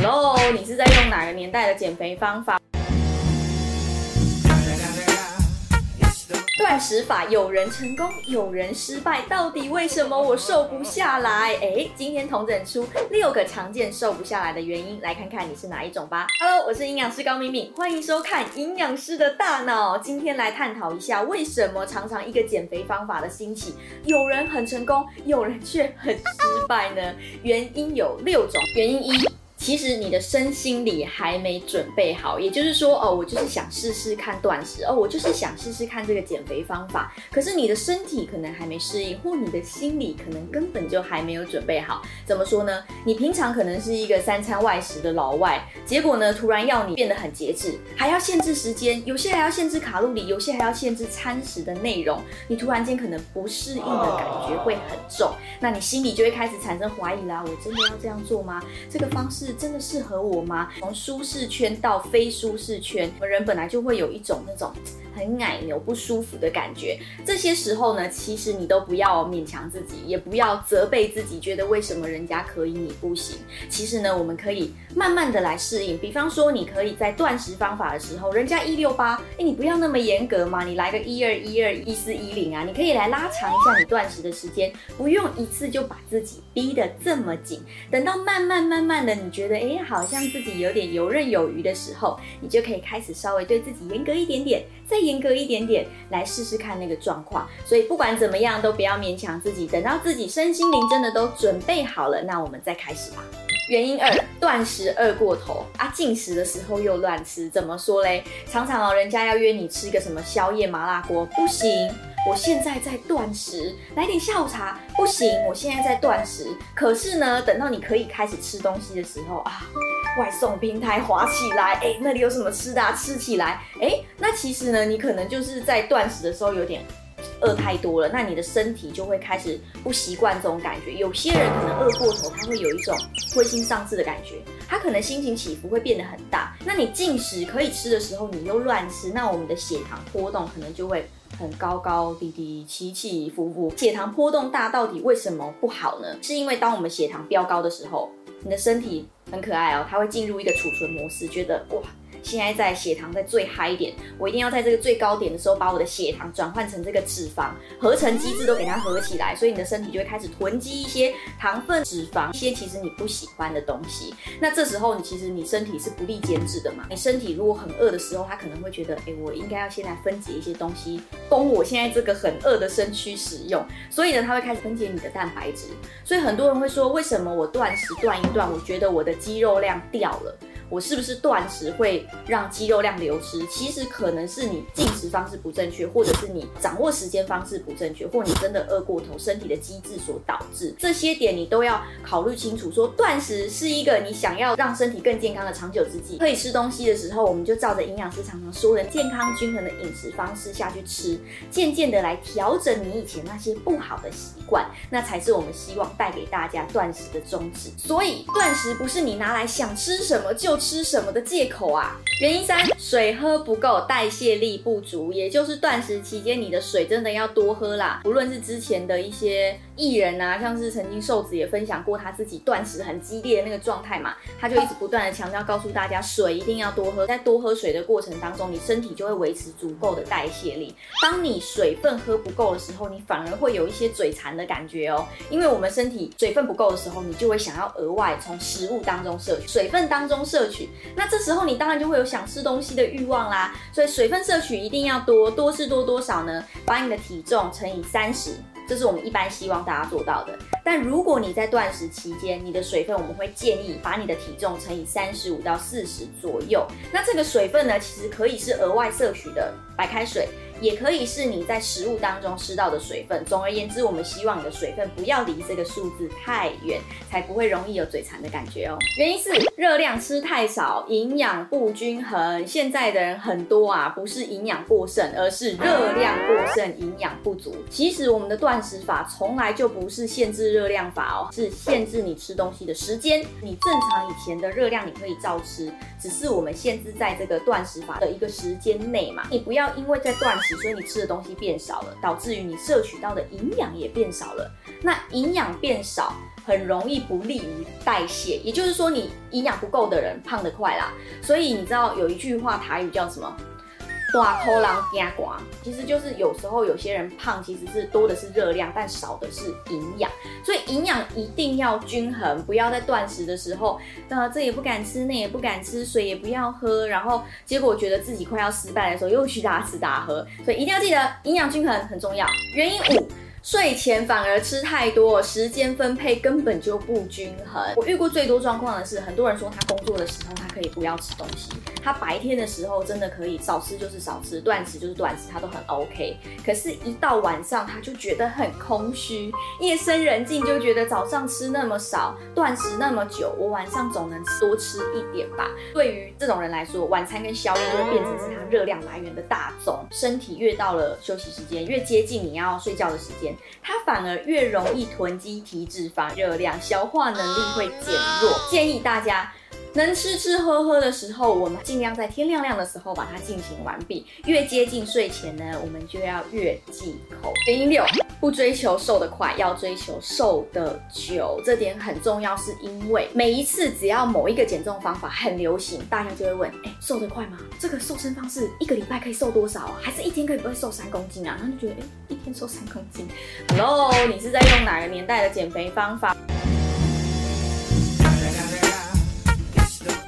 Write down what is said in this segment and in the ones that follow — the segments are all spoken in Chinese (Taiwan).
嘍，Hello，你是在用哪個年代的減肥方法？斷食法有人成功，有人失敗，到底為什麼我瘦不下來？欸，今天統整出六個常見瘦不下來的原因，來看看你是哪一種吧。Hello，我是營養師高敏敏，歡迎收看營養師的大腦。今天來探討一下，為什麼常常一個減肥方法的興起，有人很成功，有人卻很失敗呢？原因有六種。原因一。其實你的身心理還沒準備好，也就是說，哦，我就是想試試看斷食，哦，我就是想試試看這個減肥方法。可是你的身體可能還沒適應，或你的心理可能根本就還沒有準備好。怎麼說呢？你平常可能是一個三餐外食的老外，結果呢，突然要你變得很節制，還要限制時間，有些還要限制卡路里，有些還要限制餐食的內容。你突然間可能不適應的感覺會很重，那你心裡就會開始產生懷疑啦：我真的要這樣做嗎？這個方式。真的適合我嗎？從舒適圈到非舒適圈，我們人本來就會有一種那種。很彆扭不舒服的感覺，這些時候呢，其實你都不要勉強自己，也不要責備自己，覺得為什麼人家可以你不行。其實呢，我們可以慢慢的來適應。比方說，你可以在斷食方法的時候，人家一六八，哎，你不要那麼嚴格嘛，你來個一二一二一四一零啊，你可以來拉長一下你斷食的時間，不用一次就把自己逼得這麼緊。等到慢慢慢慢的，你覺得誒、欸，好像自己有點遊刃有餘的時候，你就可以開始稍微對自己嚴格一點點。再嚴格一點點來試試看那個狀況，所以不管怎麼樣都不要勉強自己，等到自己身心靈真的都準備好了，那我們再開始吧。原因二，斷食餓過頭啊，進食的時候又亂吃，怎麼說嘞？常常哦，人家要約你吃個什麼宵夜麻辣鍋，不行。我現在在斷食，來點下午茶，不行。我現在在斷食，可是呢，等到你可以開始吃東西的時候啊，外送平台滑起來，哎、欸，那裡有什麼吃的啊？吃起來，哎、欸，那其實呢，你可能就是在斷食的時候有點餓太多了，那你的身體就會開始不習慣這種感覺。有些人可能餓過頭，他會有一種灰心喪志的感覺，他可能心情起伏會變得很大。那你進食可以吃的時候，你又亂吃，那我們的血糖波動可能就會。很高高低低，起起伏伏，血糖波動大，到底為什麼不好呢？是因為當我們血糖飆高的時候，你的身體很可愛哦，它會進入一個儲存模式，覺得哇。現在在血糖在最嗨一點，我一定要在這個最高點的時候，把我的血糖轉換成這個脂肪合成機制都給它合起來，所以你的身體就會開始囤積一些糖分、脂肪，一些其實你不喜歡的東西。那這時候你其實你身體是不利減脂的嘛。你身體如果很餓的時候，它可能會覺得，哎，我應該要先來分解一些東西，供我現在這個很餓的身軀使用。所以呢，它會開始分解你的蛋白質。所以很多人會說，為什麼我斷食斷一段，我覺得我的肌肉量掉了？我是不是斷食會讓肌肉量流失？其實可能是你進食方式不正確，或者是你掌握時間方式不正確，或你真的餓過頭，身體的機制所導致。這些點你都要考慮清楚說。說斷食是一個你想要讓身體更健康的長久之計。可以吃東西的時候，我們就照着營養師常常說的健康均衡的飲食方式下去吃，漸漸的來調整你以前那些不好的習慣，那才是我們希望帶給大家斷食的宗旨。所以斷食不是你拿來想吃什麼就。吃什麼的借口啊？原因三，水喝不夠，代謝力不足，也就是斷食期間，你的水真的要多喝啦。不論是之前的一些。藝人啊，像是曾經瘦子也分享過他自己斷食很激烈的那個狀態嘛，他就一直不斷地強調告訴大家，水一定要多喝，在多喝水的過程當中，你身體就會維持足夠的代謝力。當你水分喝不夠的時候，你反而會有一些嘴饞的感覺哦，因為我們身體水分不夠的時候，你就會想要額外從食物當中攝取水分當中攝取，那這時候你當然就會有想吃東西的慾望啦。所以水分攝取一定要多，多是多多少呢？把你的體重乘以三十。這是我們一般希望大家做到的。但如果你在斷食期間，你的水分，我們會建議把你的體重乘以三十五到四十左右。那這個水分呢，其實可以是額外攝取的白開水，也可以是你在食物當中吃到的水分。總而言之，我們希望你的水分不要離這個數字太遠，才不會容易有嘴饞的感覺哦。原因是熱量吃太少，營養不均衡。現在的人很多啊，不是營養過剩，而是熱量過剩，營養不足。其實我們的斷食法從來就不是限制熱熱量法哦，是限制你吃東西的時間。你正常以前的熱量你可以照吃，只是我們限制在這個斷食法的一個時間內嘛。你不要因為在斷食，所以你吃的東西變少了，導致於你攝取到的營養也變少了。那營養變少，很容易不利於代謝。也就是說，你營養不夠的人胖得快啦。所以你知道有一句話，台語叫什麼？大口光偷懶，光其實就是有時候有些人胖，其實是多的是熱量，但少的是營養，所以營養一定要均衡，不要在斷食的時候，那、啊、這也不敢吃，那也不敢吃，水也不要喝，然後結果覺得自己快要失敗的時候，又去大吃大喝，所以一定要記得營養均衡很重要。原因五。睡前反而吃太多，時間分配根本就不均衡。我遇過最多狀況的是，很多人說他工作的時候他可以不要吃東西，他白天的時候真的可以少吃就是少吃，斷食就是斷食，他都很 OK。可是，一到晚上他就覺得很空虛，夜深人靜就覺得早上吃那麼少，斷食那麼久，我晚上總能多吃一點吧。對於這種人來說，晚餐跟宵夜就會變成是他熱量來源的大宗。身體越到了休息時間，越接近你要睡覺的時間，他反而越容易囤積體脂肪，熱量消化能力會減弱。建議大家，能吃吃喝喝的時候，我們盡量在天亮亮的時候把它進行完畢。越接近睡前呢，我們就要越忌口。原因六，不追求瘦得快，要追求瘦得久。這點很重要，是因為每一次只要某一個減重方法很流行，大家就會問：哎、欸，瘦得快嗎？這個瘦身方式一個禮拜可以瘦多少啊？還是一天可以不會瘦三公斤啊？然後就覺得：哎、欸，一天瘦三公斤哈嘍、no, 你是在用哪個年代的減肥方法？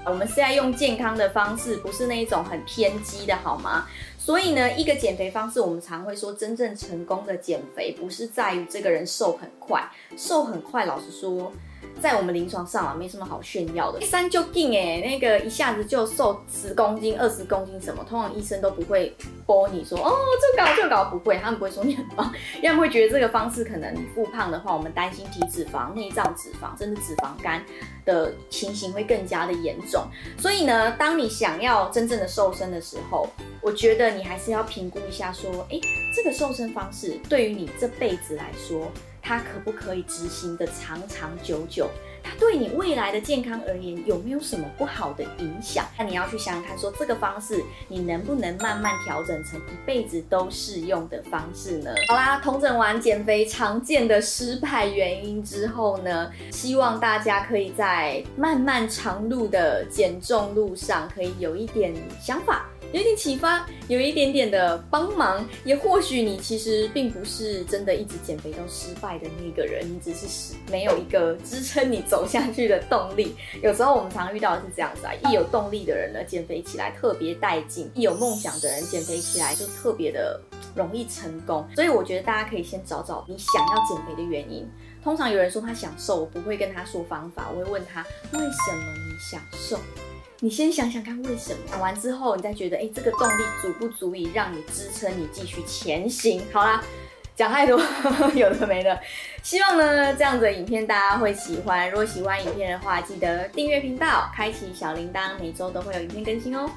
我們是在用健康的方式，不是那一種很偏激的，好嗎？所以呢，一個減肥方式，我們常會說，真正成功的減肥，不是在於這個人瘦很快，瘦很快，老實說。在我們臨床上啊，沒什麼好炫耀的。一三就勁哎，那個一下子就瘦十公斤、二十公斤什麼，通常醫生都不會褒你說哦，這搞這搞不會，他們不會說你很棒。要麼會覺得這個方式可能你復胖的話，我們擔心體脂肪、內臟脂肪甚至脂肪肝的情形會更加的嚴重。所以呢，當你想要真正的瘦身的時候，我覺得你還是要評估一下說，哎、欸，這個瘦身方式對於你這輩子來說。它可不可以執行的長長久久？它對你未來的健康而言有沒有什麼不好的影響？那你要去想想看說，說這個方式你能不能慢慢調整成一輩子都適用的方式呢？好啦，統整完減肥常見的失敗原因之後呢，希望大家可以在漫漫長路的減重路上可以有一點想法，有一點啟發，有一點點的幫忙，也或許你其實並不是真的一直減肥都失敗的那個人，你只是沒有一個支撐你走下去的動力。有時候我們常常遇到的是這樣子啊，一有動力的人呢，減肥起來特別帶勁；一有夢想的人，減肥起來就特別的容易成功。所以我覺得大家可以先找找你想要減肥的原因。通常有人說他想瘦，我不會跟他說方法，我會問他為什麼你想瘦。你先想想看為什麼，講完之後你再覺得，誒、欸，這個動力足不足以讓你支撐你繼續前行？好啦，講太多呵呵有的沒的，希望呢這樣子的影片大家會喜歡。如果喜歡影片的話，記得訂閱頻道，開啟小鈴鐺，每周都會有影片更新哦。